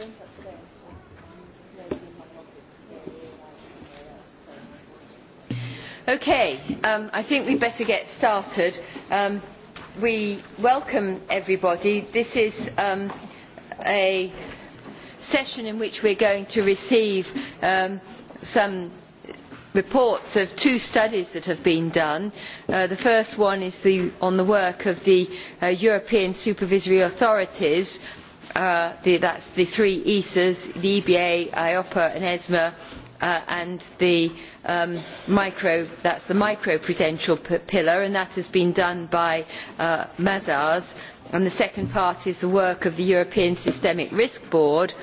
went upstairs. Okay, um, I think we'd better get started. Um, we welcome everybody. This is um, a session in which we're going to receive um, some reports of two studies that have been done. Uh, the first one is the, on the work of the uh, European supervisory authorities uh, the, the three ESAs, the EBA, eiopa and ESMA, uh, and the um, micro, that's the micro-prudential pillar, and that has been done by uh, Mazars. And the second part is the work of the European Systemic Risk Board, uh,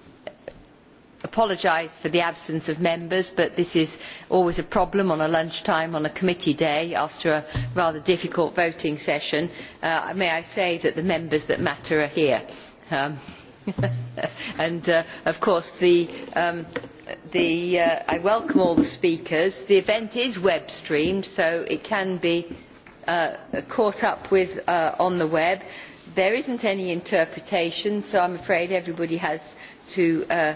apologise for the absence of members but this is always a problem at lunchtime on a committee day after a rather difficult voting session. Uh, may i say that the members that matter are here. Um, and uh, of course the, um, the, uh, i welcome all the speakers. the event is web streamed so it can be uh, caught up with on the web there is not any interpretation so i am afraid everybody has to uh,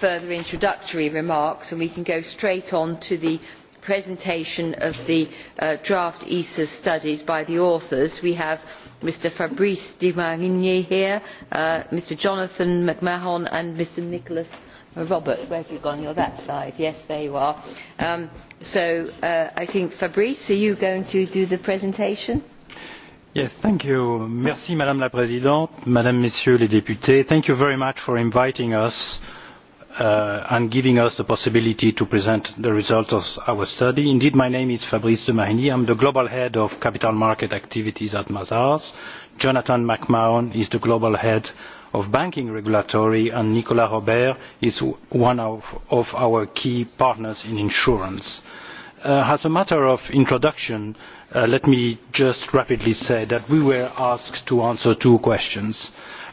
further introductory remarks and we can go straight on to the presentation of the uh, draft ESA studies by the authors. We have Mr Fabrice Dimarigny here, uh, Mr Jonathan McMahon and Mr Nicholas Robert. Where have you gone? You're that side. Yes, there you are. Um, so uh, I think Fabrice, are you going to do the presentation? Yes, thank you. Merci, Madame la Présidente, Madame, Messieurs les députés. Thank you very much for inviting us uh, uh, and giving us the possibility to present the results of our study. Indeed, my name is Fabrice de Marigny. I'm the Global Head of Capital Market Activities at Mazars. Jonathan McMahon is the Global Head of Banking Regulatory, and Nicolas Robert is one of, of our key partners in insurance. Uh, as a matter of introduction, uh, let me just rapidly say that we were asked to answer two questions. Uh,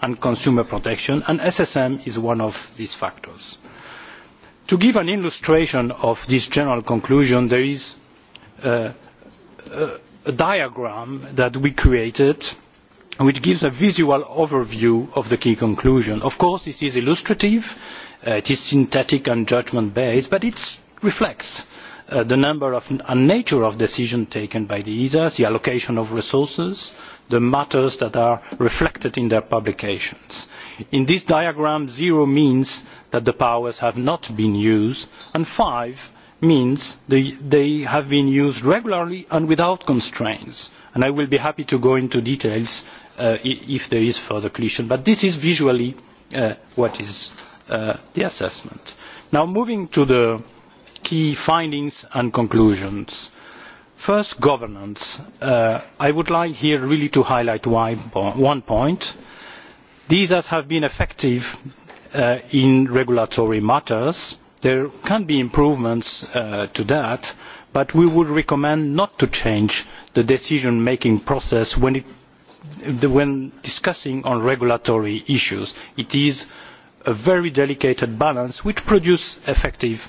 and consumer protection and ssm is one of these factors. to give an illustration of this general conclusion there is uh, uh, a diagram that we created which gives a visual overview of the key conclusion. of course this is illustrative uh, it is synthetic and judgment based but it reflects Uh, the number and nature of decisions taken by the esas the allocation of resources the matters that are reflected in their publications. in this diagram zero means that the powers have not been used and five means they, they have been used regularly and without constraints and i will be happy to go into details uh, if there is further question but this is visually uh, what is the assessment. now moving to the key findings and conclusions. First, governance. Uh, I would like here really to highlight one point. These have been effective uh, in regulatory matters. There can be improvements uh, to that, but we would recommend not to change the decision-making process when, it, when discussing on regulatory issues. It is a very delicate balance which produces effective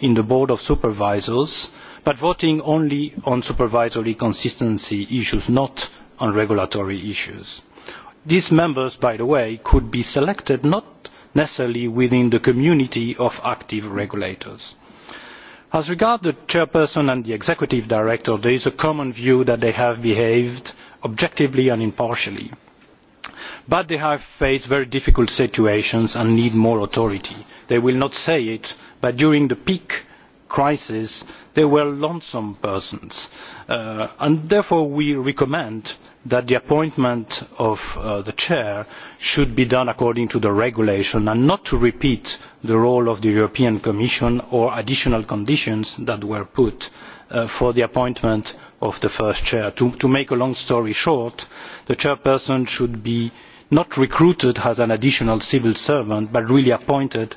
in the board of supervisors but voting only on supervisory consistency issues not on regulatory issues. these members by the way could be selected not necessarily within the community of active regulators. as regards the chairperson and the executive director there is a common view that they have behaved objectively and impartially but they have faced very difficult situations and need more authority. they will not say it but during the peak crisis they were lonesome persons uh, and therefore we recommend that the appointment of uh, the chair should be done according to the regulation and not to repeat the role of the european commission or additional conditions that were put uh, for the appointment of the first chair. To, make a long story short the chairperson should not be recruited as an additional civil servant but really appointed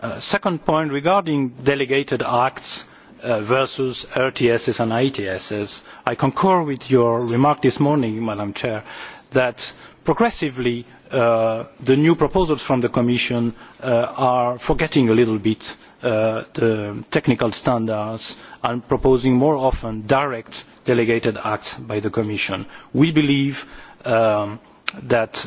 Uh, second point regarding delegated acts uh, versus rtss and itss i concur with your remark this morning madam chair that progressively uh, the new proposals from the commission uh, are forgetting a little bit uh, the technical standards and proposing more often direct delegated acts by the commission. we believe um, that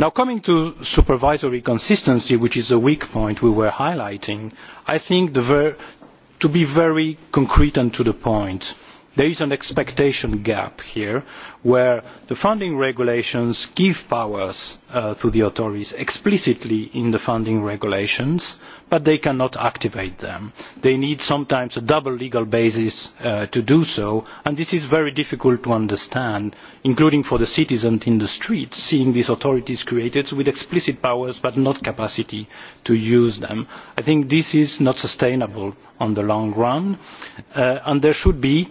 Now, coming to supervisory consistency, which is a weak point we were highlighting, I think to be very concrete and to the point, uh, there is an expectation gap here where the funding regulations give powers uh, to the authorities explicitly in the funding regulations but they cannot activate them. they need sometimes a double legal basis uh, to do so and this is very difficult to understand including for the citizens in the streets seeing these authorities created with explicit powers but not capacity to use them. i think this is not sustainable in the long run uh, and there should be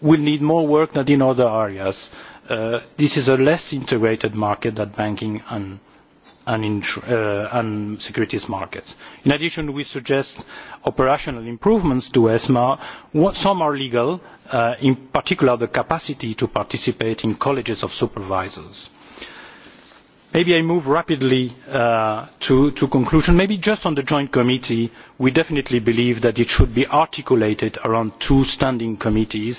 will need more work than in other areas. Uh, this is a less integrated market than banking and, and, uh, and securities markets. in addition we suggest operational improvements to esma. What, some are legal uh, in particular the capacity to participate in colleges of supervisors. maybe i move rapidly uh, to, to conclusion. maybe just on the joint committee we definitely believe that it should be articulated around two standing committees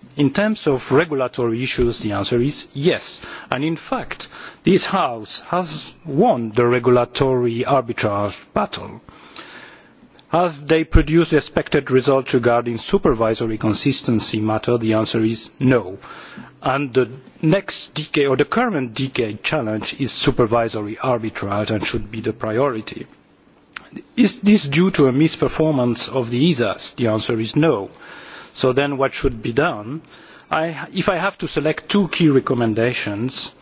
in terms of regulatory issues the answer is yes and in fact this house has won the regulatory arbitrage battle. have they produced the expected results regarding supervisory consistency matter? the answer is no and the next decade or the current decade challenge is supervisory arbitrage and should be the priority. is this due to a misperformance of the esas? the answer is no so then what should be done? if i have to select two key recommendations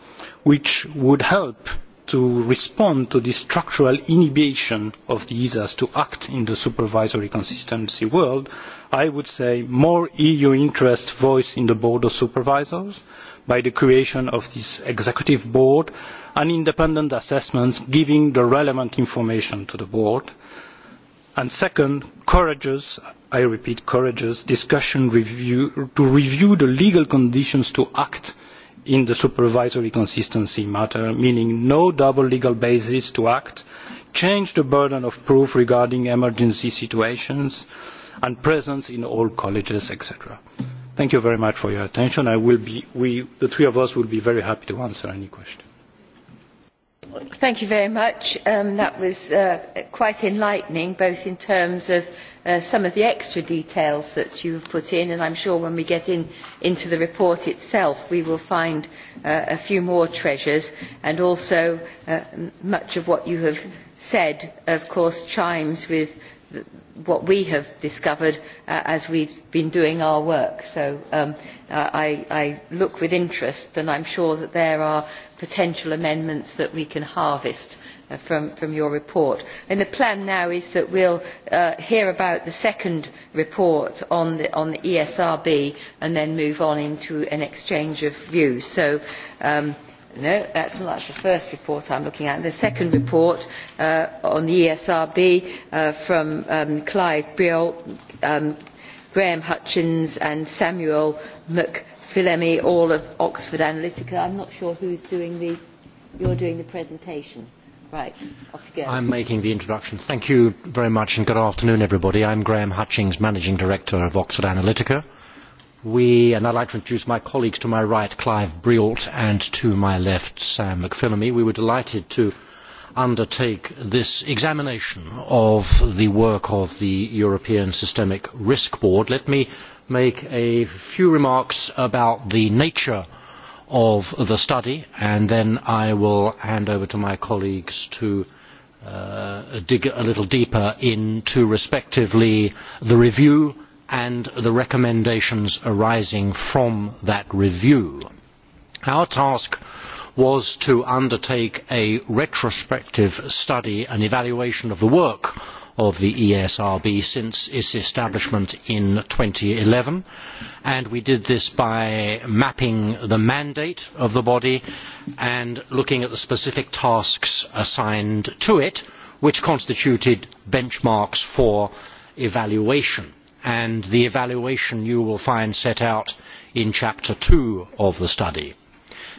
which would help to respond to the structural inhibition of the esas to act in the supervisory consistency world i would say more eu interest voiced in the board of supervisors by the creation of this executive board and independent assessments giving the relevant information to the board and and second courageous i repeat courageous discussion review, to review the legal conditions to act in the supervisory consistency matter meaning no double legal basis to act change the burden of proof regarding emergency situations and presence in all colleges etc. thank you very much for your attention. Be, we, the three of us will be very happy to answer any questions. Thank you very much. Um, that was uh, quite enlightening, both in terms of uh, some of the extra details that you have put in, and i am sure when we get into the report itself, we will find uh, a few more treasures, and also much of what you have said, of course, chimes with what we have discovered as we have been doing our work. So um, I, look with interest, and i am sure that there are potential amendments that we can harvest uh, from, your report. the plan now is that we will uh, hear about the second report on the, esrb e and then move on into an exchange of views. so um, no that is not the first report i am looking at the second report uh, on the esrb uh, from um, clive breall um, graham hutchins and samuel mcguinness Philemi, all of Oxford Analytica. I'm not sure who's doing the, you're doing the presentation. Right, I'm making the introduction. Thank you very much and good afternoon everybody. I'm Graham Hutchings, Managing Director of Oxford Analytica. We, and I'd like to introduce my colleagues to my right, Clive Brialt, and to my left, Sam McPhillamy. We were delighted to undertake this examination of the work of the European Systemic Risk Board. Let me make a few remarks about the nature of the study and then I will hand over to my colleagues to uh, dig a little deeper into respectively the review and the recommendations arising from that review. Our task was to undertake a retrospective study an evaluation of the work of the ESRB since its establishment in 2011. And we did this by mapping the mandate of the body and looking at the specific tasks assigned to it, which constituted benchmarks for evaluation. And the evaluation you will find set out in Chapter 2 of the study.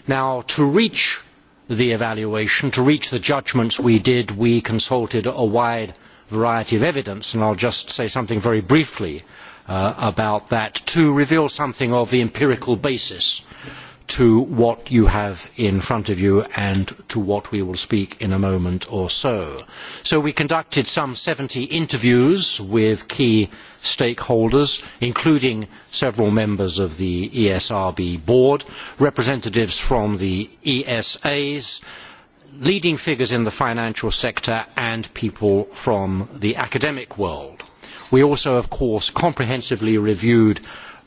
Now, to reach the evaluation, to reach the judgments we did, we consulted a wide variety of evidence, and I'll just say something very briefly uh, about that to reveal something of the empirical basis to what you have in front of you and to what we will speak in a moment or so. So we conducted some 70 interviews with key stakeholders, including several members of the ESRB board, representatives from the ESAs, leading figures in the financial sector and people from the academic world. We also, of course, comprehensively reviewed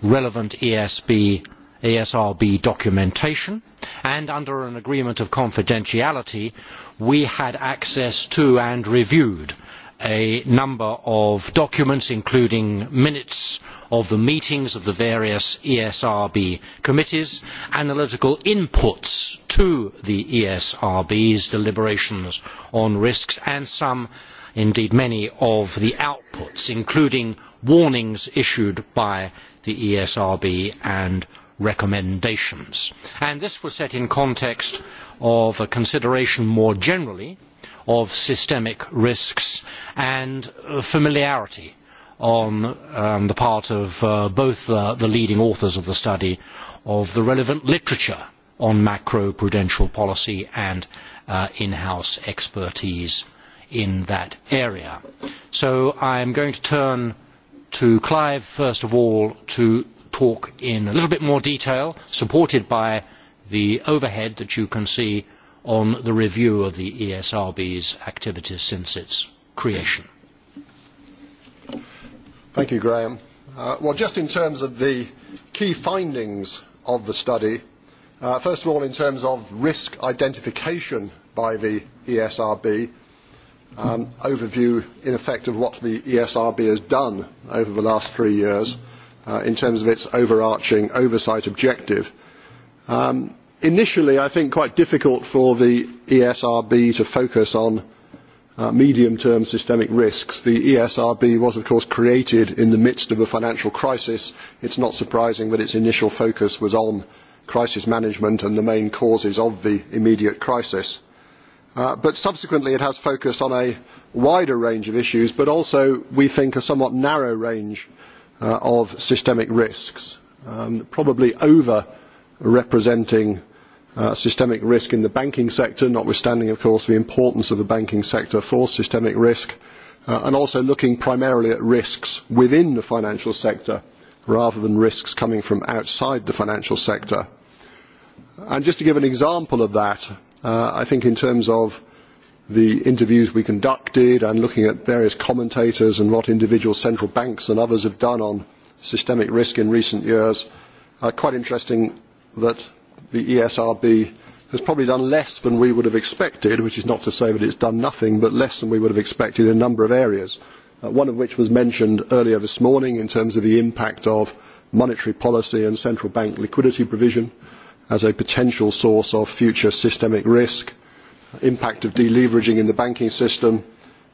relevant ESB, ESRB documentation and under an agreement of confidentiality we had access to and reviewed a number of documents including minutes of the meetings of the various esrb committees analytical inputs to the esrb's deliberations on risks and some indeed many of the outputs including warnings issued by the esrb and recommendations. And this was set in context of a consideration more generally of systemic risks and familiarity on um, the part of uh, both uh, the leading authors of the study of the relevant literature on macroprudential policy and uh, in-house expertise in that area. So I am going to turn to Clive first of all to talk in a little bit more detail, supported by the overhead that you can see on the review of the ESRB's activities since its creation. Thank you, Graham. Uh, well, just in terms of the key findings of the study, uh, first of all, in terms of risk identification by the ESRB, um, overview, in effect, of what the ESRB has done over the last three years uh, in terms of its overarching oversight objective. Um, initially i think quite difficult for the esrb to focus on uh, medium term systemic risks. the esrb was of course created in the midst of a financial crisis. it is not surprising that its initial focus was on crisis management and the main causes of the immediate crisis. Uh, but subsequently it has focused on a wider range of issues but also we think a somewhat narrow range uh, of systemic risks um, probably over representing Uh, systemic risk in the banking sector, notwithstanding, of course, the importance of the banking sector for systemic risk, uh, and also looking primarily at risks within the financial sector rather than risks coming from outside the financial sector. And just to give an example of that, uh, I think in terms of the interviews we conducted and looking at various commentators and what individual central banks and others have done on systemic risk in recent years, uh, quite interesting that the ESRB has probably done less than we would have expected, which is not to say that it's done nothing, but less than we would have expected in a number of areas, uh, one of which was mentioned earlier this morning in terms of the impact of monetary policy and central bank liquidity provision as a potential source of future systemic risk, impact of deleveraging in the banking system,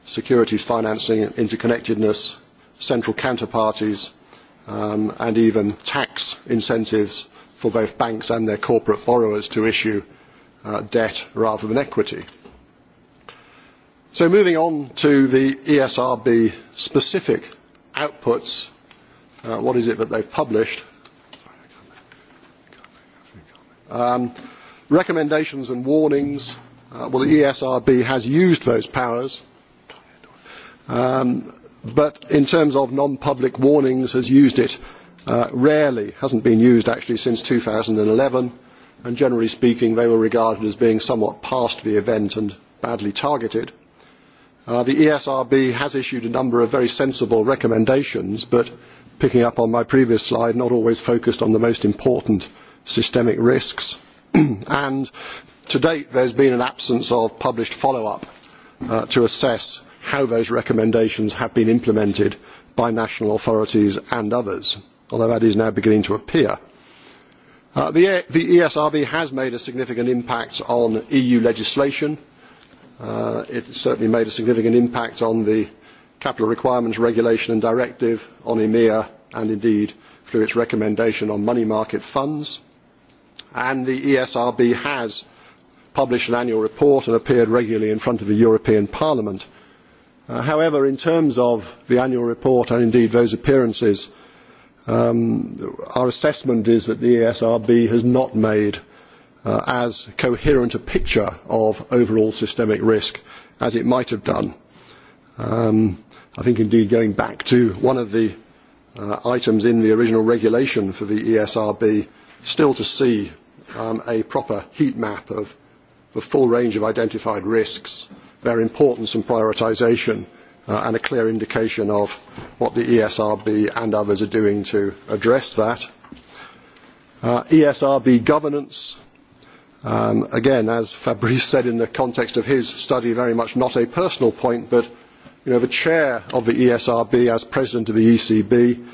securities financing interconnectedness, central counterparties, um, and even tax incentives uh, for both banks and their corporate borrowers to issue uh, debt rather than equity. So moving on to the ESRB specific outputs, uh, what is it that they've published? Um, recommendations and warnings. Uh, well, the ESRB has used those powers, um, but in terms of non-public warnings, has used it uh, rarely hasn't been used actually since 2011 and generally speaking they were regarded as being somewhat past the event and badly targeted. Uh, the ESRB has issued a number of very sensible recommendations but picking up on my previous slide not always focused on the most important systemic risks and to date there has been an absence of published follow up uh, to assess how those recommendations have been implemented by national authorities and others although that is now beginning to appear. Uh, the, e, the ESRB has made a significant impact on EU legislation. Uh, it certainly made a significant impact on the capital requirements regulation and directive, on EMEA and indeed through its recommendation on money market funds. And the ESRB has published an annual report and appeared regularly in front of the European Parliament. Uh, however, in terms of the annual report and indeed those appearances, Um, our assessment is that the ESRB has not made uh, as coherent a picture of overall systemic risk as it might have done. Um, I think indeed going back to one of the uh, items in the original regulation for the ESRB, still to see um, a proper heat map of the full range of identified risks, their importance and prioritisation, uh, and a clear indication of what the ESRB and others are doing to address that. Uh, ESRB governance, um, again, as Fabrice said in the context of his study, very much not a personal point, but you know, the chair of the ESRB as president of the ECB,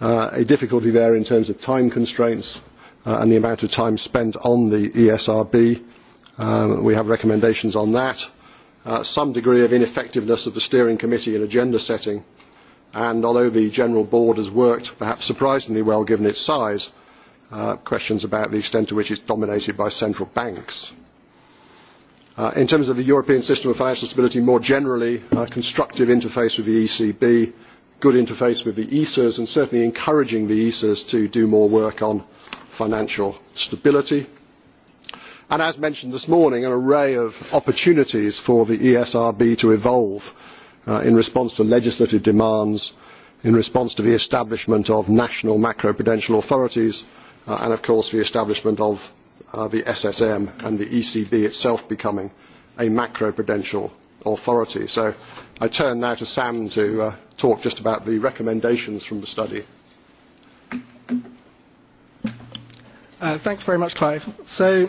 uh, a difficulty there in terms of time constraints uh, and the amount of time spent on the ESRB. Um, we have recommendations on that. Uh, some degree of ineffectiveness of the steering committee in agenda setting. And although the general board has worked perhaps surprisingly well given its size, uh, questions about the extent to which it's dominated by central banks. Uh, in terms of the European system of financial stability more generally, a constructive interface with the ECB, good interface with the ESAs, and certainly encouraging the ESAs to do more work on financial stability and as mentioned this morning an array of opportunities for the esrb to evolve uh, in response to legislative demands in response to the establishment of national macro prudential authorities uh, and of course the establishment of uh, the ssm and the ecb itself becoming a macro prudential authority. so i turn now to sam to uh, talk just about the recommendations from the study. Uh, thanks very much, Clive. So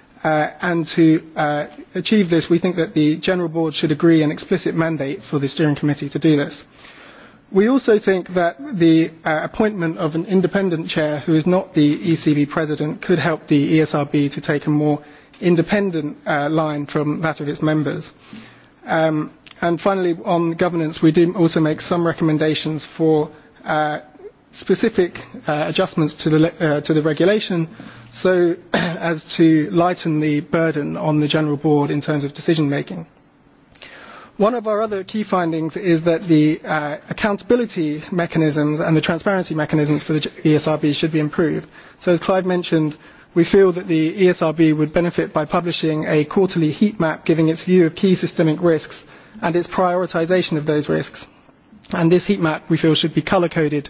Uh, and to uh, achieve this, we think that the General Board should agree an explicit mandate for the Steering Committee to do this. We also think that the uh, appointment of an independent chair who is not the ECB president could help the ESRB to take a more independent uh, line from that of its members. Um, and finally, on governance, we do also make some recommendations for uh, specific uh, adjustments to the, uh, to the regulation so as to lighten the burden on the General Board in terms of decision making. One of our other key findings is that the uh, accountability mechanisms and the transparency mechanisms for the ESRB should be improved. So as Clive mentioned, we feel that the ESRB would benefit by publishing a quarterly heat map giving its view of key systemic risks and its prioritisation of those risks. And this heat map, we feel, should be colour-coded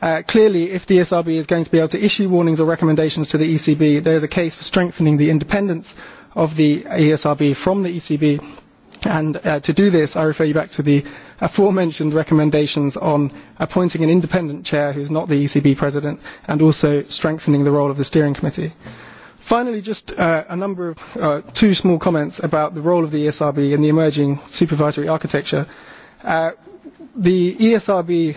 Uh, clearly, if the ESRB is going to be able to issue warnings or recommendations to the ECB, there is a case for strengthening the independence of the ESRB from the ECB. And uh, to do this, I refer you back to the aforementioned recommendations on appointing an independent chair who is not the ECB president and also strengthening the role of the steering committee. Finally, just uh, a number of uh, two small comments about the role of the ESRB in the emerging supervisory architecture. Uh, the ESRB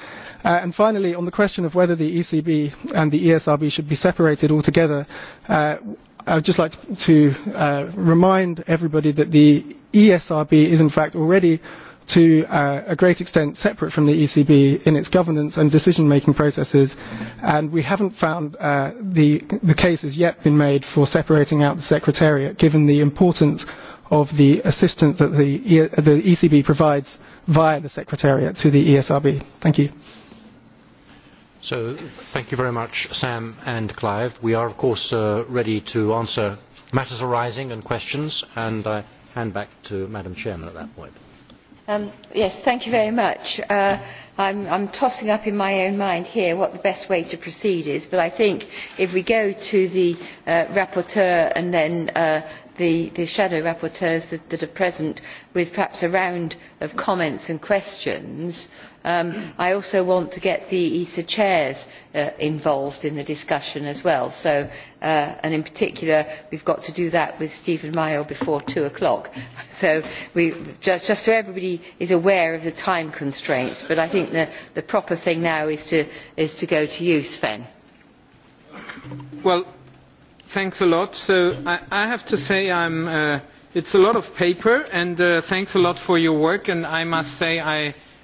Uh, and finally, on the question of whether the ECB and the ESRB should be separated altogether, uh, I would just like to, to uh, remind everybody that the ESRB is in fact already to uh, a great extent separate from the ECB in its governance and decision-making processes, and we haven't found uh, the, the case has yet been made for separating out the Secretariat, given the importance of the assistance that the, e the ECB provides via the Secretariat to the ESRB. Thank you thank you very much, Sam and Clive. We are, of course, uh, ready to answer matters arising and questions, and I hand back to Madam chair at that point. i am um, uh, tossing up in my own mind here what the best way to proceed is, but I think if we go to the uh, rapporteur and then the, shadow rapporteurs that, are present with perhaps a round of comments and questions, uh, Um, I also want to get the ESA chairs uh, involved in the discussion as well. So, uh, and in particular, we've got to do that with Stephen Mayo before two o'clock. So, just, so everybody is aware of the time constraints. But I think the, proper thing now is to, go to you, Sven. Well, thanks a lot. So I, have to say it is uh, it's a lot of paper, and thanks a lot for your work. And I must say I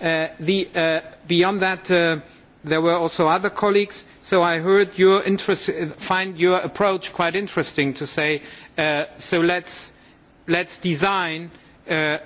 Uh, uh, beyond that uh, there were also other colleagues so i your find your approach quite interesting to say so let us design a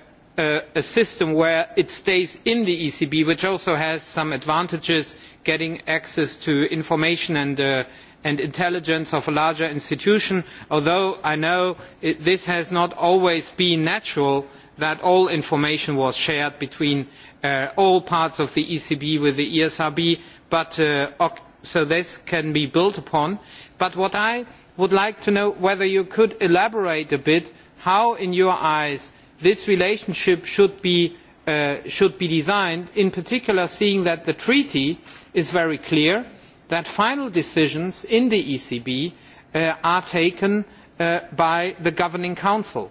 system where it stays in the ecb which also has some advantages getting access to information and, intelligence of a larger institution although i know this has not always been natural that all information was shared between uh, all parts of the ecb with the esrb uh, so this can be built upon but what i would like to know is whether you could elaborate a bit on how in your eyes this relationship should be, uh, should be designed in particular seeing that the treaty is very clear that final decisions in the ecb are taken by the governing council.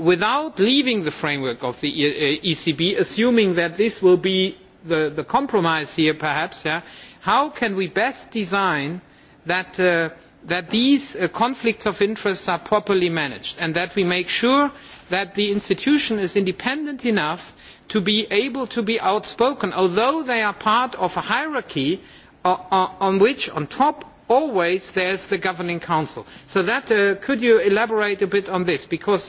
without leaving the framework of the ecb uh, e assuming that this will be the, compromise here perhaps how can we best design that, uh, these uh, conflicts of interest are properly managed and that we make sure that the institution is independent enough to be able to be outspoken although they are part of a hierarchy on which on top always there is the governing council. so that, could you elaborate a bit on this because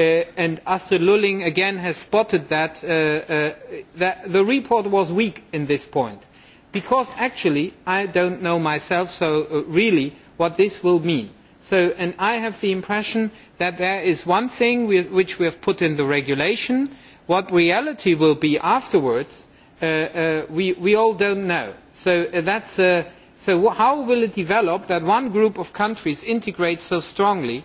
Uh, and astrid lulling again has spotted that, uh, uh, the report was weak on this point because actually i do not know myself really what this will mean. and i have the impression that there is one thing which we have put in the regulation what reality will be afterwards we, all do not know. so how will it develop that one group of countries integrates so strongly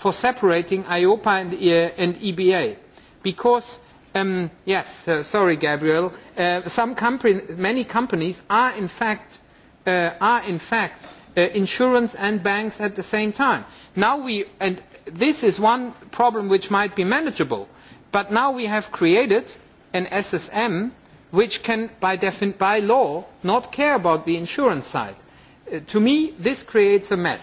for separating EIOPA and, uh, and EBA. Because, um, yes, uh, sorry, Gabriel, uh, some company, many companies are in fact, uh, are in fact uh, insurance and banks at the same time. Now we, and this is one problem which might be manageable, but now we have created an SSM which can, by, by law, not care about the insurance side. Uh, to me, this creates a mess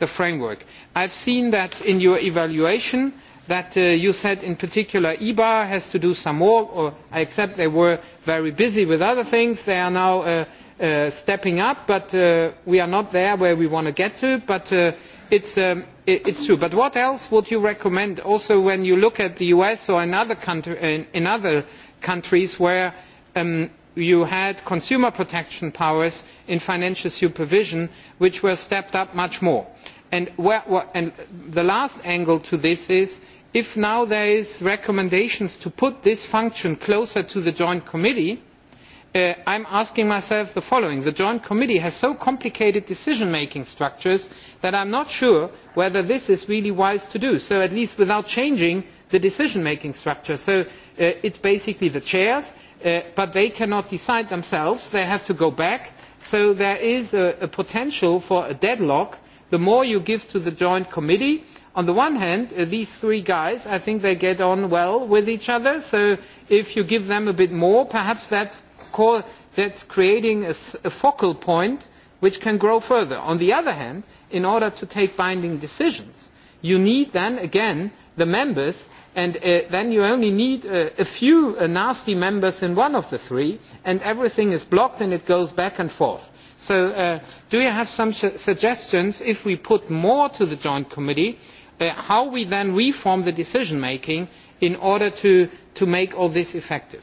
the framework. i have seen that in your evaluation that uh, you said in particular eba has to do some more i accept they were very busy with other things they are now uh, uh, stepping up but we are not there where we want to get to but it's, um, it is true. but what else would you recommend also when you look at the us or in other, countries where um, you had consumer protection powers in financial supervision which were stepped up much more? the last angle to this is if now there are recommendations to put this function closer to the joint committee uh, i am asking myself the following the joint committee has so complicated decision making structures that i am not sure whether this is really wise to do so at least without changing the decision making structure. so uh, it is basically the chairs uh, but they cannot decide themselves they have to go back so there is a potential for a deadlock the more you give to the joint committee on the one hand uh, these three guys i think they get on well with each other so if you give them a bit more perhaps that is creating a focal point which can grow further. on the other hand in order to take binding decisions you need then again the members and uh, then you only need uh, a few nasty members in one of the three and everything is blocked and it goes back and forth so uh, do you have some suggestions if we put more to the joint committee uh, how we then reform the decision making in order to make all this effective?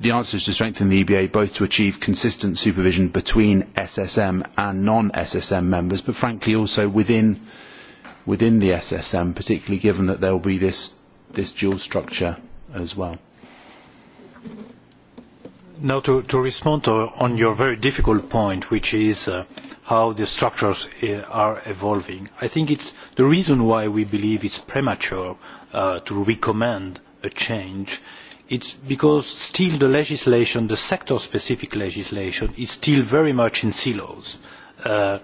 the answer is to strengthen the EBA both to achieve consistent supervision between SSM and non-SSM members, but frankly also within, within the SSM, particularly given that there will be this, this dual structure as well. Now to, respond to, on your very difficult point, which is uh, how the structures uh, are evolving. I think it's the reason why we believe it's premature uh, to recommend a change is it is because still the legislation the sector specific legislation is still very much in silos uh,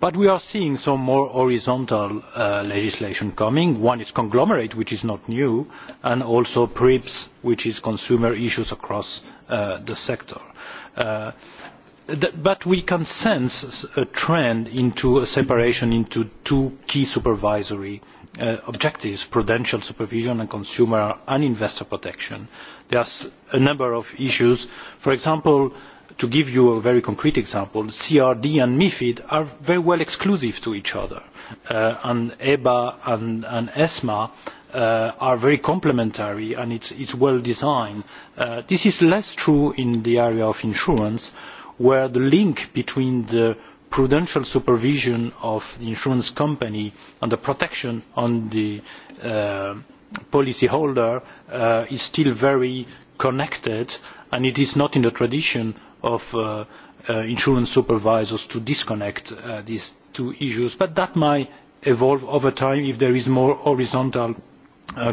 but we are seeing some more horizontal uh, legislation coming one is conglomerate which is not new and also prips which is consumer issues across uh, the sector. Uh, but we can sense a trend into a separation into two key supervisory uh, objectives prudential supervision and consumer and investor protection. there are a number of issues for example to give you a very concrete example crd and mifid are very well exclusive to each other uh, and eba and, esma uh, are very complementary and it is well designed. this is less true in the area of insurance where the link between the prudential supervision of the insurance company and the protection of the uh, policyholder uh, is still very connected and it is not in the tradition of uh, insurance supervisors to disconnect these two issues but that might evolve over time if there is more horizontal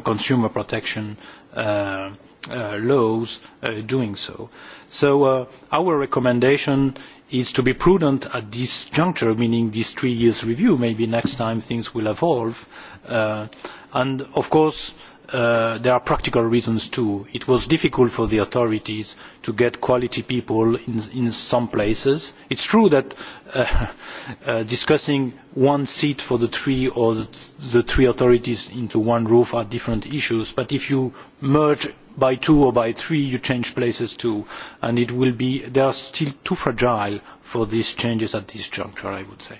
consumer protection Uh, uh, laws uh, doing so. So uh, our recommendation is to be prudent at this juncture, meaning this three years review. Maybe next time things will evolve. Uh, and of course, Uh, there are practical reasons too. It was difficult for the authorities to get quality people in, in some places. It's true that uh, uh, discussing one seat for the three or the three authorities into one roof are different issues, but if you merge by two or by three, you change places too, and it will be, they are still too fragile for these changes at this juncture, I would say.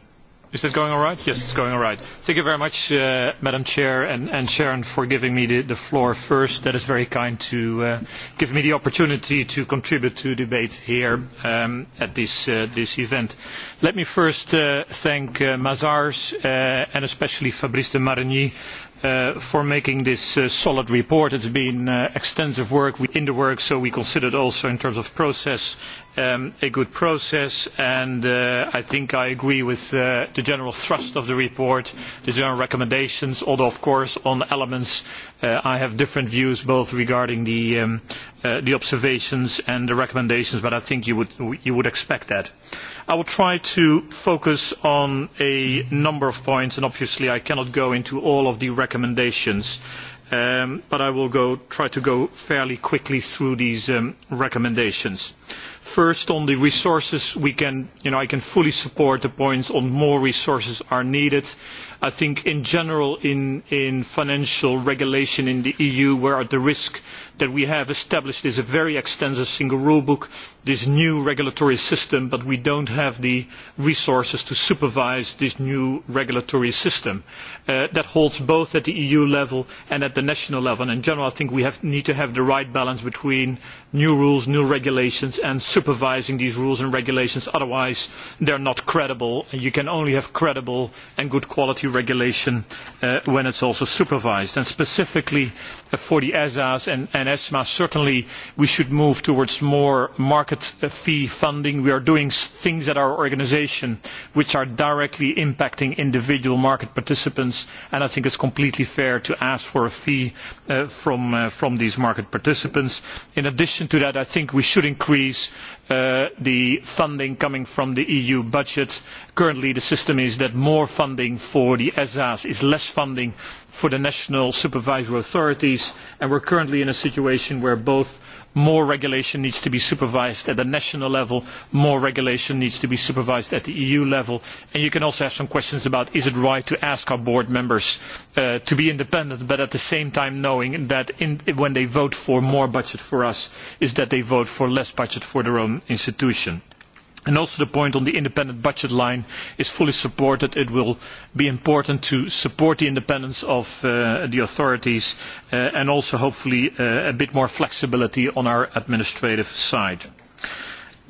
Is it going all right? Yes, it's going all right. Thank you very much, uh, Madam Chair and, and Sharon, for giving me the, the floor first. That is very kind to uh, give me the opportunity to contribute to debate here um, at this, uh, this event. Let me first uh, thank uh, Mazars uh, and especially Fabrice de Marigny Uh, for making this uh, solid report. it has been uh, extensive work in the work, so we considered also in terms of process um, a good process. And I think I agree with the general thrust of the report, the general recommendations, although of course on elements I have different views both regarding the, um, Uh, the observations and the recommendations but i think you would, expect that. i will try to focus on a number of points and obviously i cannot go into all of the recommendations um, but i will try to go fairly quickly through these um, recommendations. first on the resources i can fully support the points on more resources are needed. i think in general in, in financial regulation in the eu we are at the risk that we have established is a very extensive single rule book, this new regulatory system, but we don't have the resources to supervise this new regulatory system. Uh, that holds both at the EU level and at the national level. And in general, I think we need to have the right balance between new rules, new regulations, and supervising these rules and regulations. Otherwise, they are not credible. And you can only have credible and good quality regulation when uh, when it's also supervised. And specifically uh, for the ESAs and ESMA, certainly we should move towards more market uh, fee funding. We are doing things at our organisation which are directly impacting individual market participants, and I think it's completely fair to ask for a fee uh, from, uh, from these market participants. In addition to that, I think we should increase the funding coming from the EU budget. Currently, the system is that more funding for the ESAs is less funding for the national supervisory authorities and we are currently in a situation where both more regulation needs to be supervised at the national level and more regulation needs to be supervised at the eu level you can also have some questions about whether it is right to ask our board members uh, to be independent but at the same time knowing that when they vote for more budget for us is that they vote for less budget for their own institution. And also the point on the independent budget line is fully supported. It will be important to support the independence of uh, the authorities uh, and also hopefully uh, a bit more flexibility on our administrative side.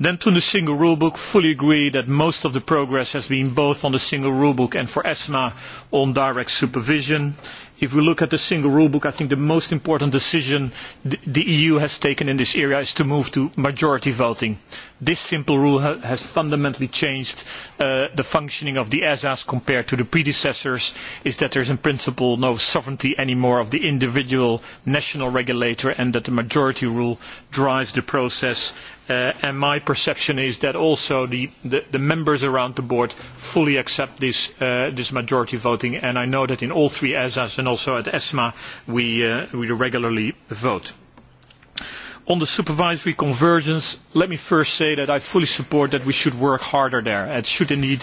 Then to the single rule book i fully agree that most of the progress has been both on the single rule book and for ESMA on direct supervision if we look at the single rule book, I think the most important decision the EU e has taken in this area is to move to majority voting. This simple rule ha has fundamentally changed uh, the functioning of the ESAs compared to the predecessors, is that there is in principle no sovereignty anymore of the individual national regulator and that the majority rule drives the process Uh, and my perception is that also the, the, the members around the board fully accept this, uh, this majority voting and i know that in all three esas and also at esma uh, we, regularly vote. on the supervisory convergence let me first say that i fully support that we should work harder there. it should indeed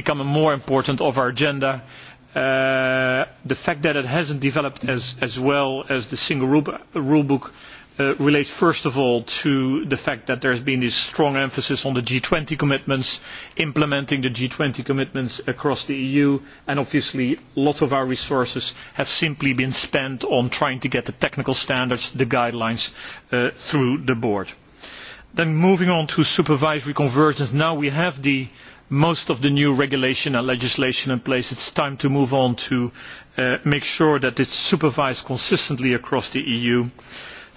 become more important of our agenda. Uh, the fact that it has not developed as, well as the single rule, rule book Uh, relates first of all to the fact that there has been this strong emphasis on the G20 commitments, implementing the G20 commitments across the EU, and obviously lots of our resources have simply been spent on trying to get the technical standards, the guidelines, uh, through the board. Then moving on to supervisory convergence, now we have the most of the new regulation and legislation in place, it's time to move on to uh, make sure that it's supervised consistently across the EU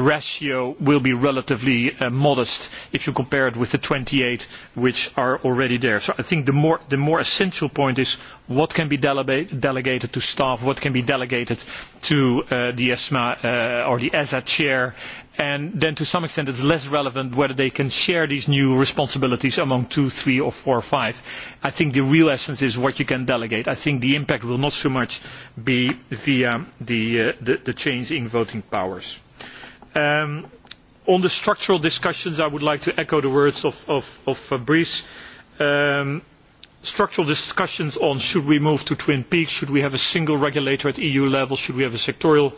ratio will be relatively uh, modest if you compare it with the 28 which are already there. So I think the more, the more essential point is what can be delegate, delegated to staff, what can be delegated to uh, the ESMA uh, or the ESA chair, and then to some extent it is less relevant whether they can share these new responsibilities among two three or four or five. i think the real essence is what you can delegate. i think the impact will not so much be via the, uh, the, the change in voting powers. Um, on the structural discussions, I would like to echo the words of, Fabrice. Um, structural discussions on should we move to Twin Peaks, should we have a single regulator at EU level, should we have a sectoral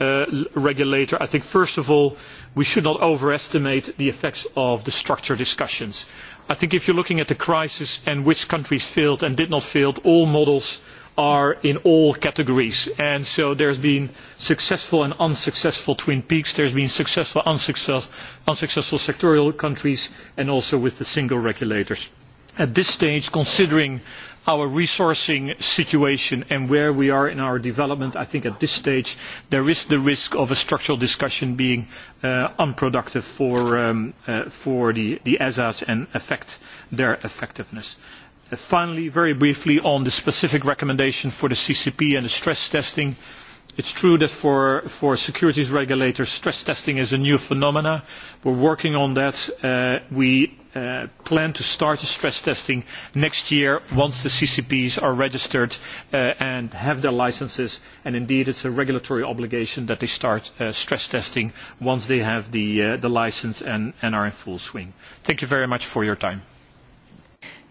uh, regulator i think first of all we should not overestimate the effects of the structure discussions. i think if you are looking at the crisis and which countries failed and did not fail all models are in all categories. And so there's been successful and unsuccessful Twin Peaks, there's been successful, unsuccess, unsuccessful sectorial countries, and also with the single regulators. At this stage, considering our resourcing situation and where we are in our development, I think at this stage there is the risk of a structural discussion being uh, unproductive for, um, uh, for the, the ESAs and affect their effectiveness. Finally, very briefly on the specific recommendation for the CCP and the stress testing. It's true that for, securities regulators, stress testing is a new phenomena. We're working on that. Uh, we uh, plan to start the stress testing next year once the CCPs are registered uh, and have their licences. And indeed, it's a regulatory obligation that they start stress testing once they have the, licence and are in full swing. Thank you very much for your time.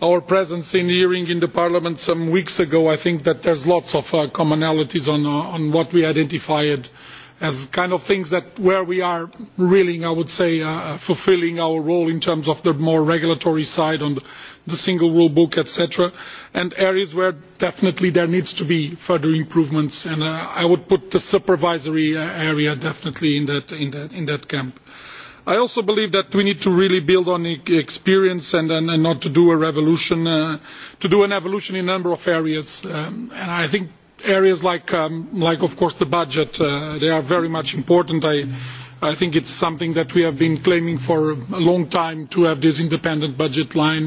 our presence in the hearing in the parliament some weeks ago, I think that there's lots of uh, commonalities uh, on, what we identified as kind of things that where we are really, I would say, uh, fulfilling our role in terms of the more regulatory side on the single rule book, etc., and areas where definitely there needs to be further improvements. And I would put the supervisory area definitely in that, in that, in that camp i also believe that we need to really build on experience and, not to do a revolution uh, to do an evolution in a number of areas um, and i think areas like, um, of course the budget uh, they are very much important i think think it's something that we have been claiming for a long time to have this independent budget line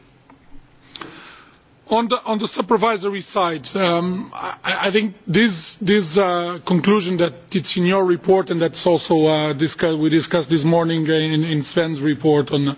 On the, supervisory side um, I, i think this, this uh, conclusion that is in your report and that is also uh, discuss, we discussed this morning in, in sven's report on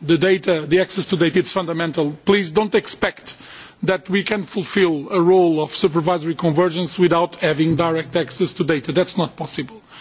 the data the access to data is fundamental. please do not expect that we can fulfil a role of supervisory convergence without having direct access to data that is not possible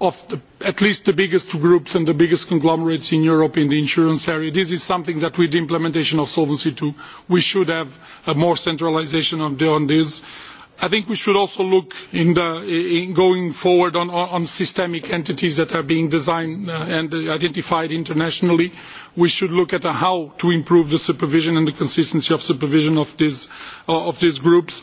of the, at least the biggest groups and the biggest conglomerates in Europe in the insurance area. This is something that with the implementation of Solvency II, we should have a more centralization on, on this. I think we should also look in, the, in going forward on, on systemic entities that are being designed uh, and identified internationally. We should look at how to improve the supervision and the consistency of supervision of these, uh, of these groups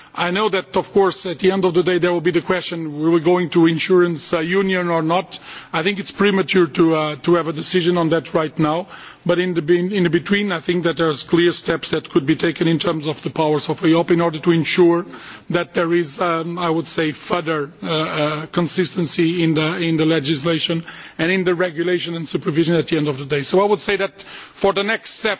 i know that of course at the end of the day there will be the question whether we are going to an insurance uh, union or not. i think it is premature to, uh, to have a decision on that right now but in the, in the between i think that there are clear steps that could be taken in terms of the powers of eiopa in order to ensure that there is um, i would say further uh, uh, consistency in the, in the legislation and in the regulation and supervision at the end of the day. so i would say that for the next step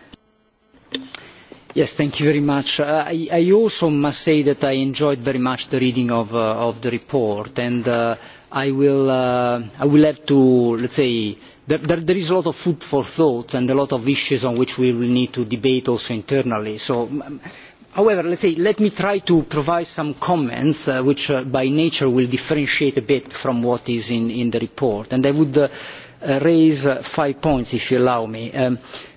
Yes, thank you very much. Uh, I, also must say that I enjoyed very much the reading of, uh, the report, and uh, I, will, have to, let's say, there, there, is a lot of food for thought and a lot of issues on which we will need to debate also internally. however, let me try to provide some comments which by nature will differentiate a bit from what is in, the report. And I would raise five points, if you allow me. Um,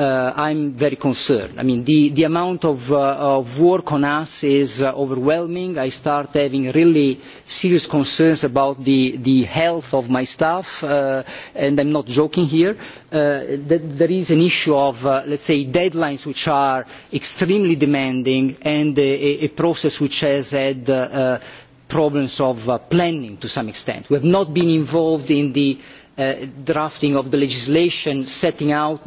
Uh, i am very concerned. the, amount uh, of, work on us is overwhelming. I start having really serious concerns about the, health of my staff, uh, and i am not joking here. there is an issue of, let us say, deadlines which are extremely demanding and a, process which has had problems of planning to some extent. We have not been involved in the drafting of the legislation setting out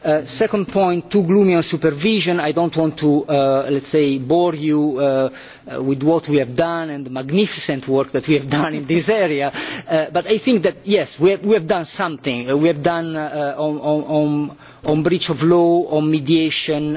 Uh, second point too gloomy on supervision i do not want to uh, say bore you uh, with what we have done and the magnificent work that we have done in this area but i think that yes we have, done something we have done on, breach of law on mediation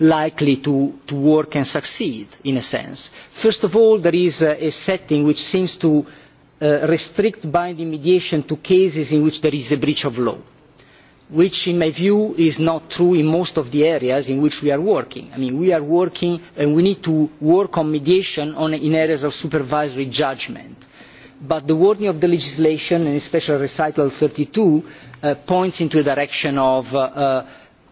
likely to, work and succeed in a sense. first of all there is a, setting which seems to uh, restrict binding mediation to cases in which there is a breach of law which in my view is not true in most of the areas in which we are working. I mean, we are working and we need to work on mediation in areas of supervisory judgment. But the wording of the legislation, and especially recital 32, two uh, points into a direction of uh,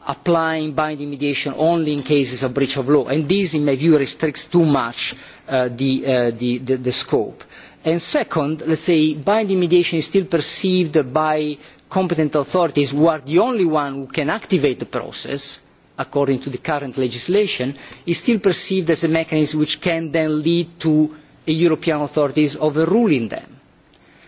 applying binding mediation only in cases of breach of law and this in my view restricts too much uh, the, uh, the, the, the scope. And second let's say binding mediation is still perceived by competent authorities who are the only ones who can activate the process according to the current legislation is still perceived as a mechanism which can then lead to european authorities overruling them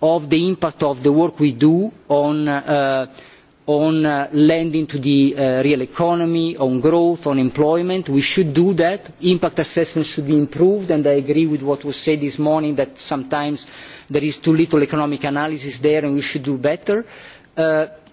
of the impact of the work we do on, uh, on uh, lending to the uh, real economy, on growth, on employment. We should do that. Impact assessment should be improved, and I agree with what was said this morning that sometimes there is too little economic analysis there and we should do better. Uh,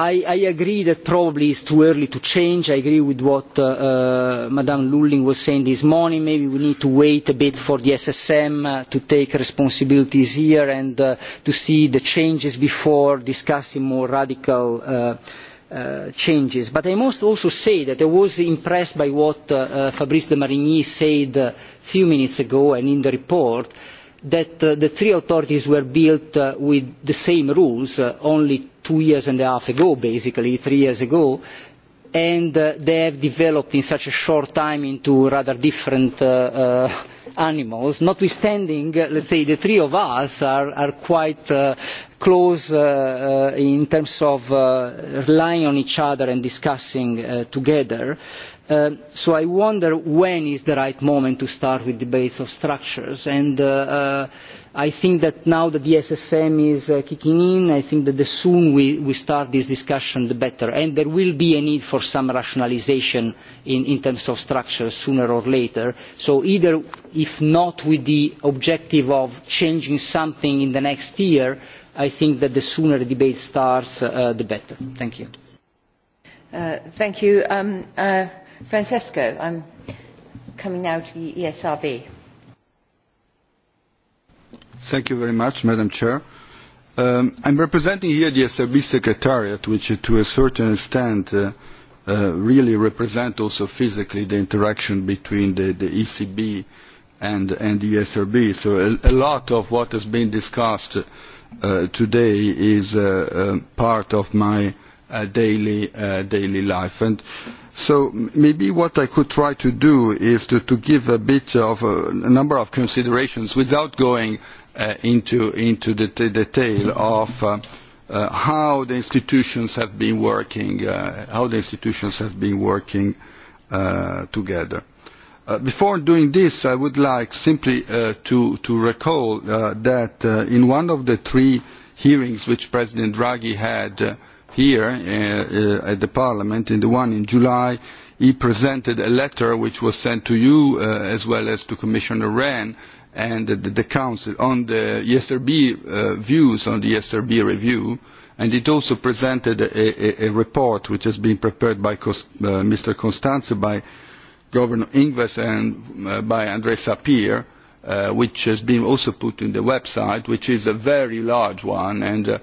i, agree that probably it is too early to change i agree with what uh, uh, ms lulling was saying this morning maybe we need to wait a bit for the ssm uh, to take responsibilities here and to see the changes before discussing more radical changes. but i must also say that i was impressed by what fabrice de marigny said a few minutes ago and in the report that the three authorities were built with the same rules only two years and a half ago basically three years ago and uh, they have developed in such a short time into rather different uh, uh, animals notwithstanding uh, let's say the three of us are, are quite uh, close uh, in terms of relying on each other and discussing together Uh, so i wonder when is the right moment to start with debates of structures and uh, i think that now that the SSM is uh, kicking in, I think that the sooner we, we start this discussion, the better. And there will be a need for some rationalisation in, in terms of structure sooner or later. So either, if not with the objective of changing something in the next year, I think that the sooner the debate starts, uh, uh, the better. Thank you. Uh, thank you. Um, uh, Francesco, I'm coming now to the ESRB. Thank you very much, Madam Chair. Um, I'm representing here the SRB Secretariat, which to a certain extent uh, uh, really represent also physically the interaction between the, the ECB and, and the SRB. So a, a lot of what has been discussed uh, today is uh, uh, part of my uh, daily, uh, daily life. And so maybe what I could try to do is to, to give a bit of a, a number of considerations without going uh, into, into the detail of uh, uh, how the institutions have been working, uh, how the institutions have been working uh, together. Uh, before doing this, I would like simply uh, to, to recall uh, that uh, in one of the three hearings which President Draghi had uh, here uh, uh, at the Parliament, in the one in July, he presented a letter which was sent to you uh, as well as to Commissioner Rehn, uh, and the, the Council on the ESRB uh, views on the ESRB review, and it also presented a, a, a report which has been prepared by Cos uh, Mr. Constanze, by Governor Ingves and uh, by Andre Sapir, uh, which has been also put in the website, which is a very large one and uh,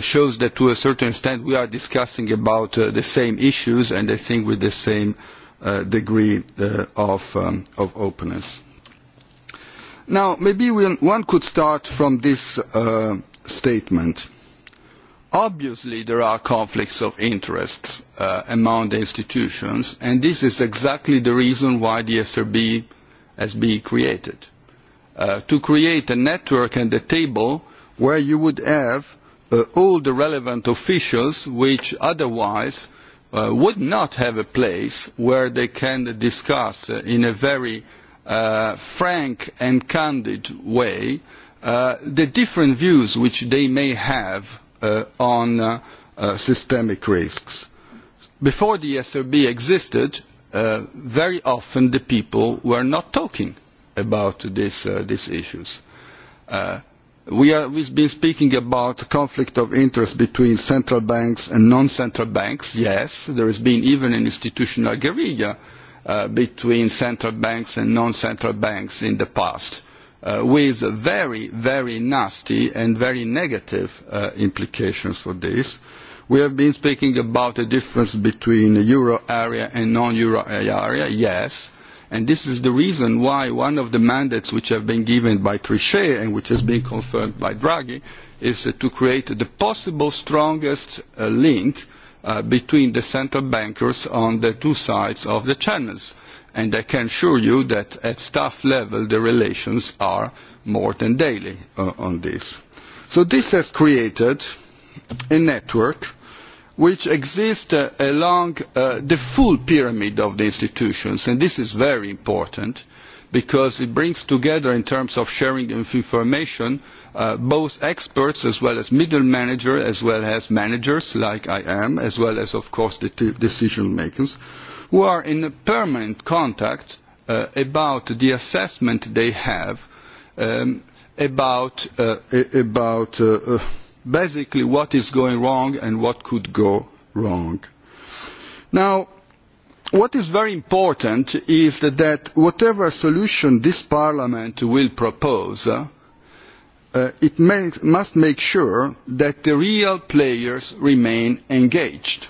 shows that to a certain extent we are discussing about uh, the same issues and I think with the same uh, degree uh, of, um, of openness. Now, maybe we'll, one could start from this uh, statement. Obviously, there are conflicts of interest uh, among the institutions, and this is exactly the reason why the SRB has been created. Uh, to create a network and a table where you would have uh, all the relevant officials which otherwise uh, would not have a place where they can discuss uh, in a very uh, uh, frank and candid way uh, the different views which they may have uh, on uh, uh, systemic risks. Before the SRB existed, uh, very often the people were not talking about this, uh, these issues. Uh, we have been speaking about conflict of interest between central banks and non-central banks. Yes, there has been even an institutional guerrilla Uh, between central banks and non-central banks in the past, uh, with very, very nasty and very negative uh, implications for this. We have been speaking about the difference between the euro area and non-euro area, yes, and this is the reason why one of the mandates which have been given by Trichet and which has been confirmed by Draghi is uh, to create the possible strongest uh, link Uh, between the central bankers on the two sides of the channels. And I can assure you that at staff level the relations are more than daily uh, on this. So this has created a network which exists uh, along uh, the full pyramid of the institutions, and this is very important because it brings together in terms of sharing of information uh, both experts as well as middle managers as well as managers like I am as well as of course the decision makers who are in permanent contact uh, about the assessment they have um, about, uh, about uh, uh, basically what is going wrong and what could go wrong. Now, what is very important is that, that whatever solution this parliament will propose uh, uh, it may, must make sure that the real players remain engaged.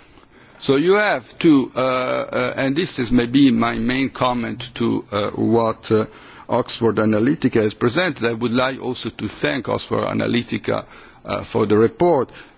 So you have to, uh, uh, and this is maybe my main comment to uh, what uh, Oxford Analytica has presented. I would like also to thank Oxford Analytica uh, for the report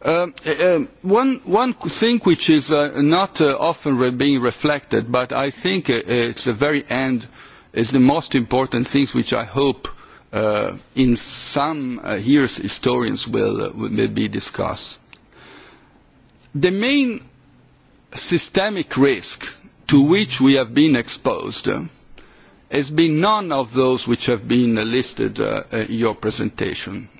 Um, uh, um, one, one thing which is uh, not uh, often re being reflected, but I think uh, it's the very end, is the most important things which I hope in some years historians will, will be discussed. The main systemic risk to which we have been exposed has been none of those which have been listed in your presentation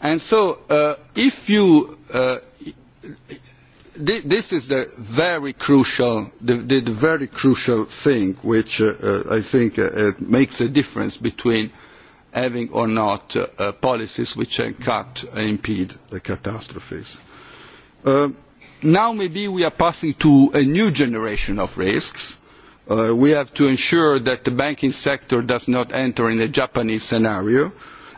And so uh, if you, uh, this is the very crucial, the, the, very crucial thing which uh, uh I think uh, makes a difference between having or not uh, policies which can cut and uh, impede the catastrophes. uh, now maybe we are passing to a new generation of risks. uh, we have to ensure that the banking sector does not enter in a Japanese scenario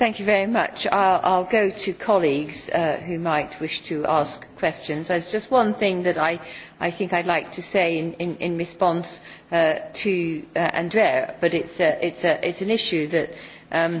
Thank you very much. I'll, I'll go to colleagues uh, who might wish to ask questions. There's just one thing that I, I think I'd like to say in, in, in response uh, to uh, Andrea, but it's, a, it's, a, it's an issue that um, uh,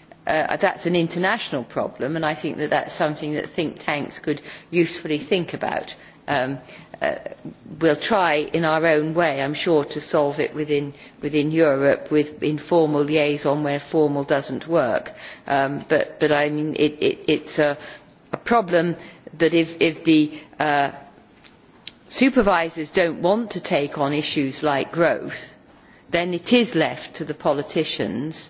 Uh, that is an international problem and I think that is something that think tanks could usefully think about. Um, uh, we will try in our own way, i am sure, to solve it within, Europe with informal liaison where formal does not work. Um, but, it, is a, problem that if, the uh, supervisors do not want to take on issues like growth, then it is left to the politicians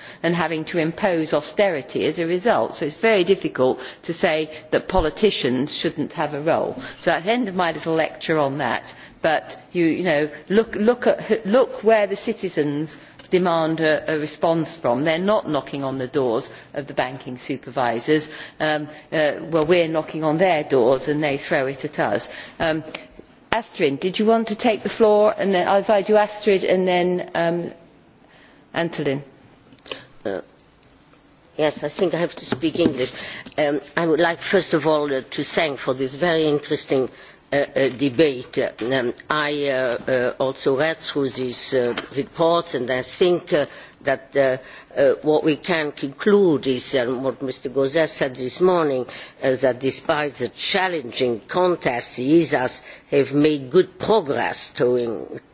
and having to impose austerity as a result. so it is very difficult to say that politicians should not have a role. so that is the end of my little lecture on that but you, know, look, at, where the citizens demand a, response from. they are not knocking on the doors of the banking supervisors while um, uh, we are knocking on their doors and they throw it at us. Um, astrid did you want to take the floor and then i will invite you astrid and then um, antolin. I think I have to speak English. Um, I would like first of all uh, to thank you for this very interesting uh, uh, debate. Um, I also read through these reports and I think that what we can conclude is and um, what Mr. gauzs said this morning, that despite the challenging context the ESAs have made good progress towards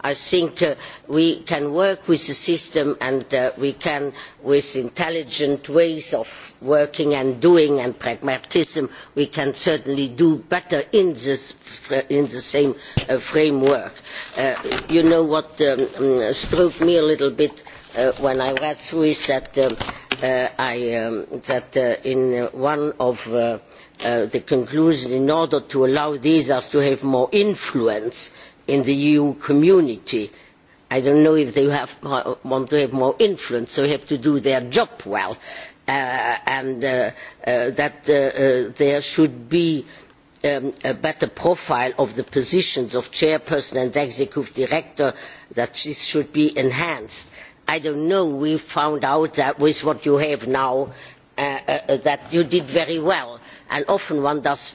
i think uh, we can work with the system and uh, we can with intelligent ways of working and doing and pragmatism we can certainly do better in, this, in the same uh, framework. Uh, you know what um, um, struck me a little bit when i read through is that, um, I, um, that in one of the conclusions in order to allow these us to have more influence in the eu community. i do not know if they have, uh, want to have more influence so they have to do their job well uh, and uh, uh, that uh, uh, there should be um, a better profile of the positions of chairperson and executive director that this should be enhanced. i do not know we found out that with what you have now that you did very well and often one does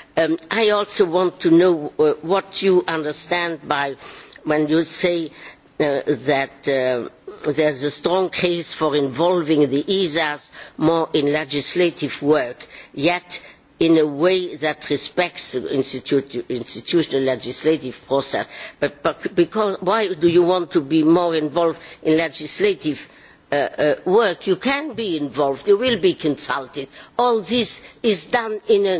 Um, i also want to know uh, what you understand by when you say uh, that uh, there is a strong case for involving the esas more in legislative work yet in a way that respects the institutional legislative process. But, but because, why do you want to be more involved in legislative Uh, uh, work you can be involved you will be consulted all this is done in a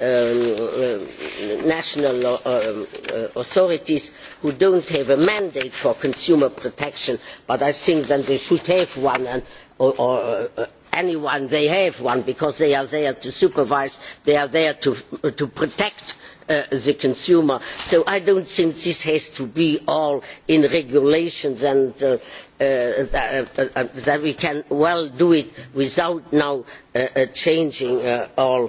Um, uh, national uh, uh, authorities who do not have a mandate for consumer protection but i think that they should have one and, or, or anyone they have one because they are there to supervise they are there to, to protect Uh, the consumer. so i do not think this has to be all in regulations and uh, uh, that we can well do it without now changing all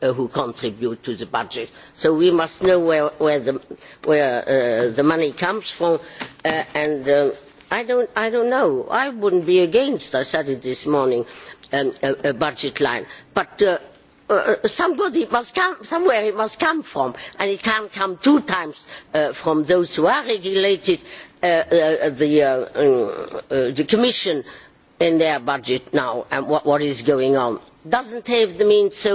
Uh, who contribute to the budget. So we must know where, where, the, where uh, the money comes from uh, and uh, I, don't, I don't know. I wouldn't be against, I said it this morning, um, a, a budget line. But uh, uh, Uh, somebody must come somewhere it must come from and it can't come two times uh, from those who are regulated uh, uh the, um, the commission in their budget now and what, what is going on doesn't have the means so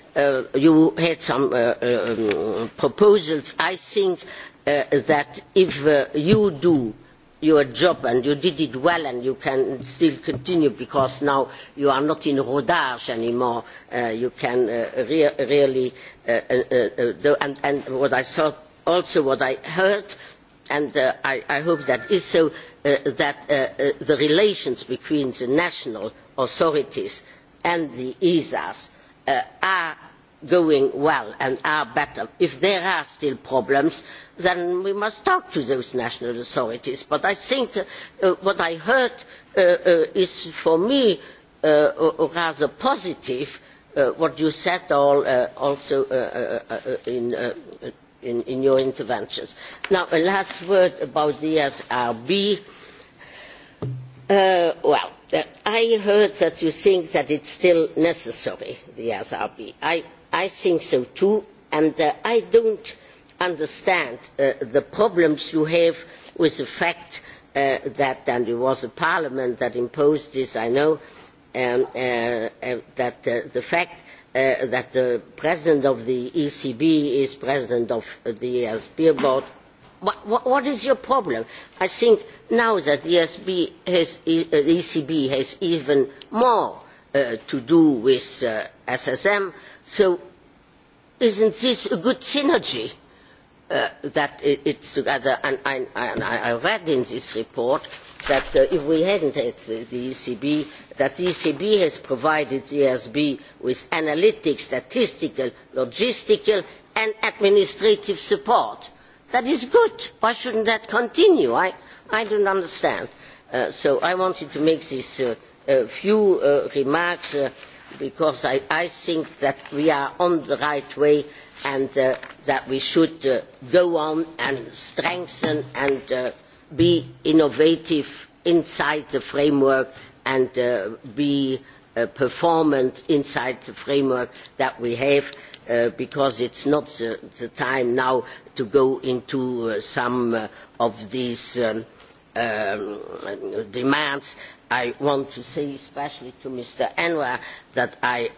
Uh, you had some uh, uh, proposals. I think that if you do your job and you did it well and you can still continue because now you are not in rodage anymore. Uh, you can uh, re really uh, uh, and, and what I thought also what I heard and uh, I, I hope that is so uh, that uh, uh, the relations between the national authorities and the ESAs Uh, are going well and are better if there are still problems then we must talk to those national authorities but i think uh, uh, what i heard is for me rather positive what you said all, also in, in your interventions. now a last word about the esrb Uh, well, uh, I heard that you think that it is still necessary, the SRB. I, think so too, and uh, i do not understand the problems you have with the fact that, and it was parliament that imposed this, I know, that the fact that the president of the ECB is president of the ESB board What, what, is your problem? I think now that the ESB has, the uh, ECB has even more uh, to do with uh, SSM, so isn't this a good synergy? Uh, that it, it's together, and I, and I read in this report that uh, if we hadn't had the, the ECB, that the ECB has provided the ESB with analytic, statistical, logistical, and administrative support that is good why shouldn't that continue? i, I don't understand. Uh, so i wanted to make these uh, uh, few remarks uh, because I, i think that we are on the right way and uh, that we should uh, go on and strengthen and be innovative inside the framework and be performant inside the framework that we have because uh, because it's not the, time now to go into uh, some uh, of these um, um, demands. I want to say especially to Mr. Anwar that I,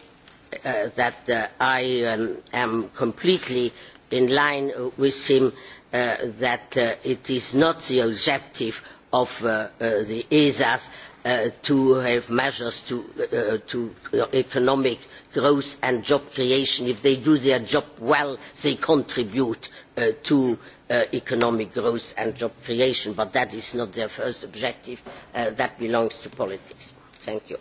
that, I um, am completely in line with him that it is not the objective of the ESAs to have measures to, to economic growth and job creation. if they do their job well they contribute uh, to uh, economic growth and job creation but that is not their first objective uh, that belongs to politics. thank you.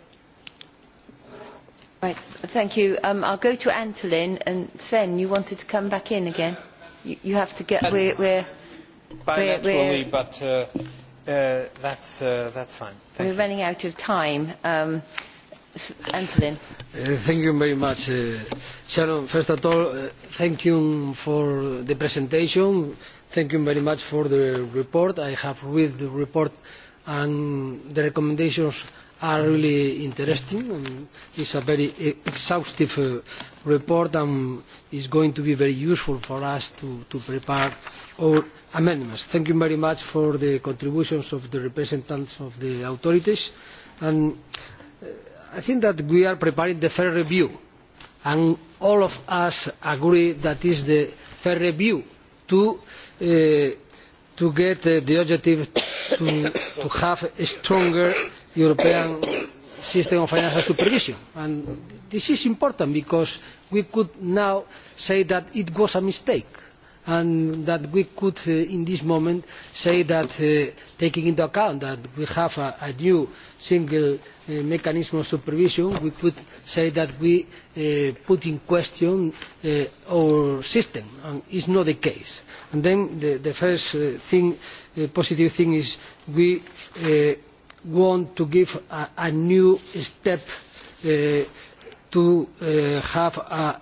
Right, thank you. Um, I'll go to Antolin and Sven. You wanted to come back in again. You, you have to get. We're, we're, bilaterally, we're, but uh, uh, that's uh, that's fine. Thank we're you. running out of time. Um, Uh, uh, Sharon, first of all, uh, thank you for the presentation. Thank you very much for the report. I have read the report and the recommendations are really interesting. Um, it is a very e-, exhaustive report and it is going to be very useful for us to, prepare our amendments. Thank you very much for the contributions of the representatives of the authorities. And uh, i think that we are preparing the fair review, and all of us agree that is the fair review to, uh, get uh, the objective to, to have a stronger European system of financial supervision. And this is important because we could now say that it was a mistake and that we could uh, in this moment say that uh, taking into account that we have a, a new single uh, mechanism of supervision we could say that we uh, put in question uh, our system and it is not the case. And then the, the first uh, thing, positive thing is we want to give a, a new step to have a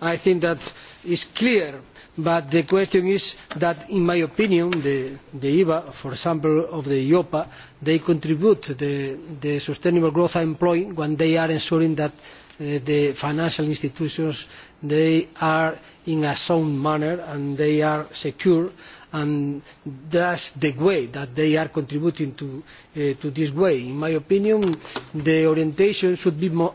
i think that is clear, but the question is that, in my opinion, the, eba for example, of the eiopa they contribute to the, sustainable growth and employment when they are ensuring that uh, the financial institutions they are in a sound manner and they are secure and that's the way that they are contributing to, uh, to this way. In my opinion, the orientation should be more,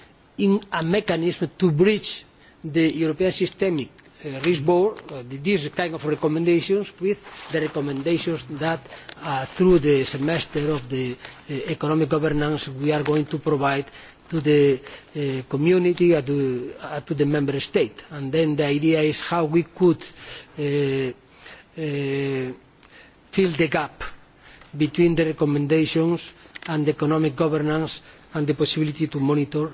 in a mechanism to bridge the european systemic uh, risk board uh, these kind of recommendations with the recommendations that uh, through the semester of the economic governance we are going to provide to the community and to the member states. then the idea is how we could fill the gap between the recommendations and economic governance and the possibility to monitor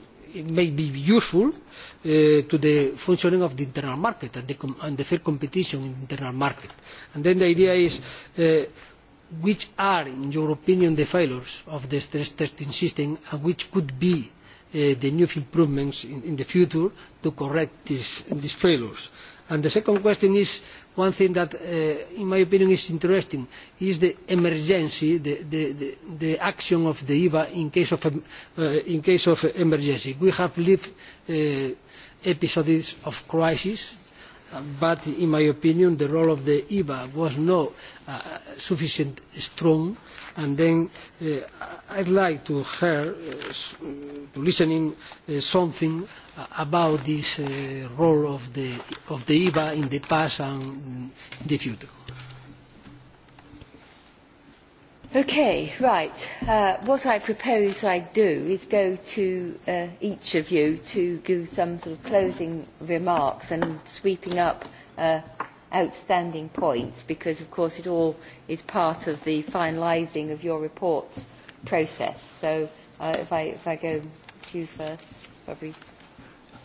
it may be useful uh, to the functioning of the internal market and the, com and the fair competition in the internal market. And then the idea is uh, which are, in your opinion, the failures of the stress testing system and which could be uh, the new improvements in, in the future to correct these, failures the second question is one thing that, uh, in my opinion, is interesting, is the emergency, the, action of the EBA um, uh, in case of, emergency. We have lived uh, episodes of crisis but in my opinion the role of the EBA was not uh, sufficient strong and then uh, I'd like to hear uh, to listening uh, something uh, about this uh, role of the, of the EBA in the past and in the future. Okay, right. Uh, what I propose I do is go to uh, each of you to give some sort of closing remarks and sweeping up uh, outstanding points because, of course, it all is part of the finalising of your report's process. So uh, if, I, if I go to you first, Fabrice.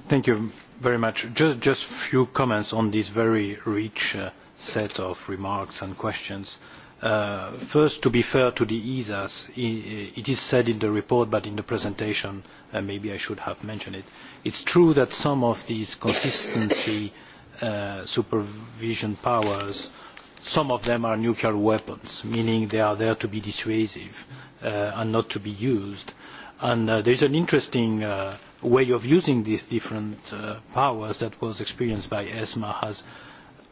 Thank you very much. Just, just few comments on this very rich uh, set of remarks and questions. Uh, Uh, first, to be fair to the ESAs, it is said in the report, but in the presentation, uh, maybe I should have mentioned it. It's true that some of these consistency uh, supervision powers, some of them are nuclear weapons, meaning they are there to be dissuasive and not to be used. And there is an interesting way of using these different powers that was experienced by ESMA as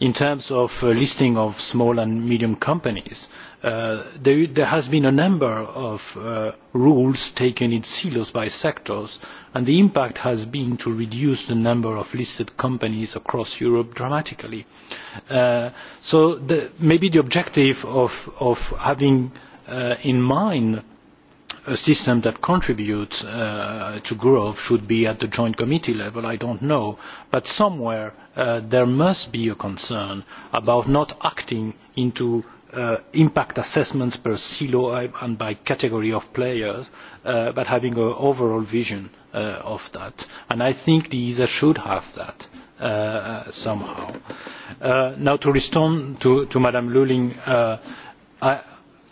in terms of uh, listing of small and medium companies, uh, there, has been a number of uh, rules taken in silos by sectors, and the impact has been to reduce the number of listed companies across Europe dramatically. so maybe the objective of, having in mind a system that contributes uh, to growth should be at the joint committee level, I don't know. But somewhere uh, there must be a concern about not acting into uh, impact assessments per silo uh, and by category of players, uh, but having an overall vision uh, of that. And I think the ESA should have that. Uh, somehow. Uh, now to respond to, to Madam Luling, uh, I,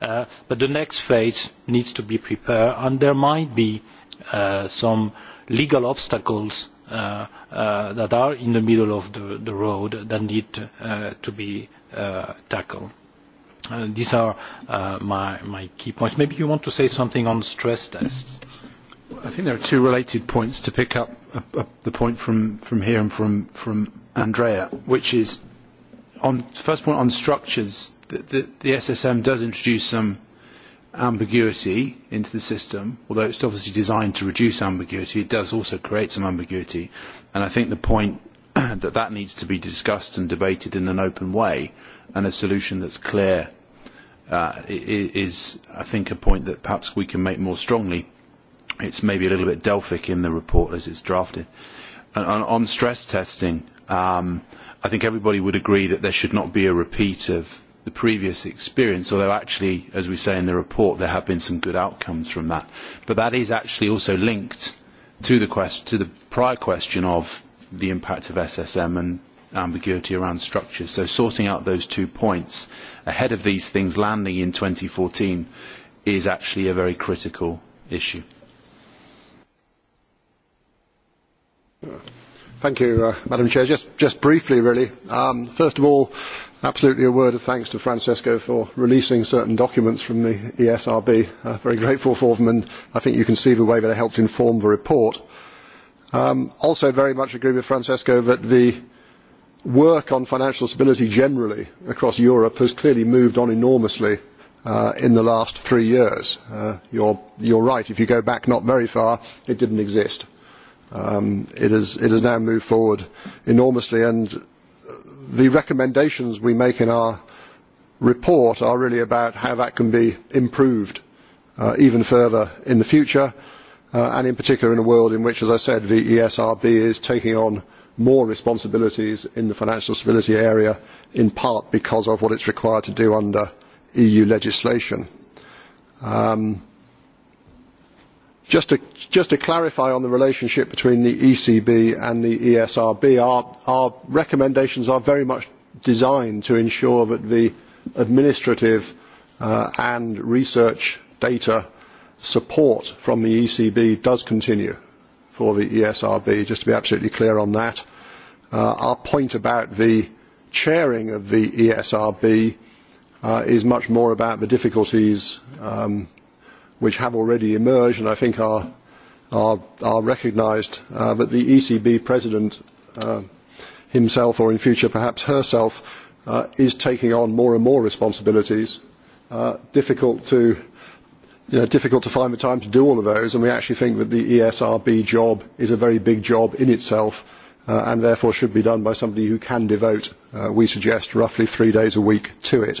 Uh, but the next phase needs to be prepared and there might be uh, some legal obstacles uh, that are in the middle of the, road that need to be tackled. these are my, key points. maybe you want to say something on stress tests. i think there are two related points to pick up, the point from, here and from andrea, which is first point on structures, the, the, the SSM does introduce some ambiguity into the system, although it's obviously designed to reduce ambiguity, it does also create some ambiguity. And I think the point that that needs to be discussed and debated in an open way and a solution that's clear uh, is, I think, a point that perhaps we can make more strongly. It's maybe a little bit Delphic in the report as it's drafted. And on, on stress testing, um, uh, i think everybody would agree that there should not be a repeat of the previous experience, although actually, as we say in the report, there have been some good outcomes from that. But that is actually also linked to the, quest to the prior question of the impact of SSM and ambiguity around structures. So sorting out those two points ahead of these things landing in 2014 is actually a very critical issue. Yeah. Uh, madam president just, briefly really um, first of all absolutely a word of thanks to francesco for releasing certain documents from the esrb uh, very grateful for them and i think you can see the way that it helped inform the report. i um, also very much agree with francesco that the work on financial stability generally across europe has clearly moved on enormously uh, in the last three years. you are right if you go back not very far it did not exist Um, it, is, it has now moved forward enormously, and the recommendations we make in our report are really about how that can be improved uh, even further in the future, uh, and in particular in a world in which, as I said, the ESRB is taking on more responsibilities in the financial stability area, in part because of what it's required to do under EU legislation. Um, Just to, just to clarify on the relationship between the ECB and the ESRB, our, our recommendations are very much designed to ensure that the administrative uh, and research data support from the ECB does continue for the ESRB, just to be absolutely clear on that. Uh, our point about the chairing of the ESRB uh, is much more about the difficulties um, which have already emerged and I think are, are, are recognised, uh, but the ECB president uh, himself or in future perhaps herself uh, is taking on more and more responsibilities. Uh, difficult to you know, difficult to find the time to do all of those, and we actually think that the ESRB job is a very big job in itself, uh, and therefore should be done by somebody who can devote, uh, we suggest, roughly three days a week to it.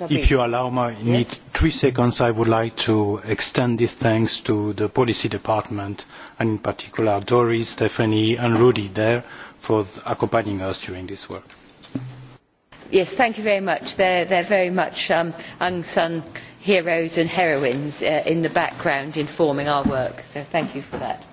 If you allow me yes? three seconds, I would like to extend these thanks to the policy department, and in particular Doris, Stephanie, and Rudy there for accompanying us during this work. Yes, thank you very much. They're, they're very much um, unsung heroes and heroines uh, in the background informing our work, so thank you for that.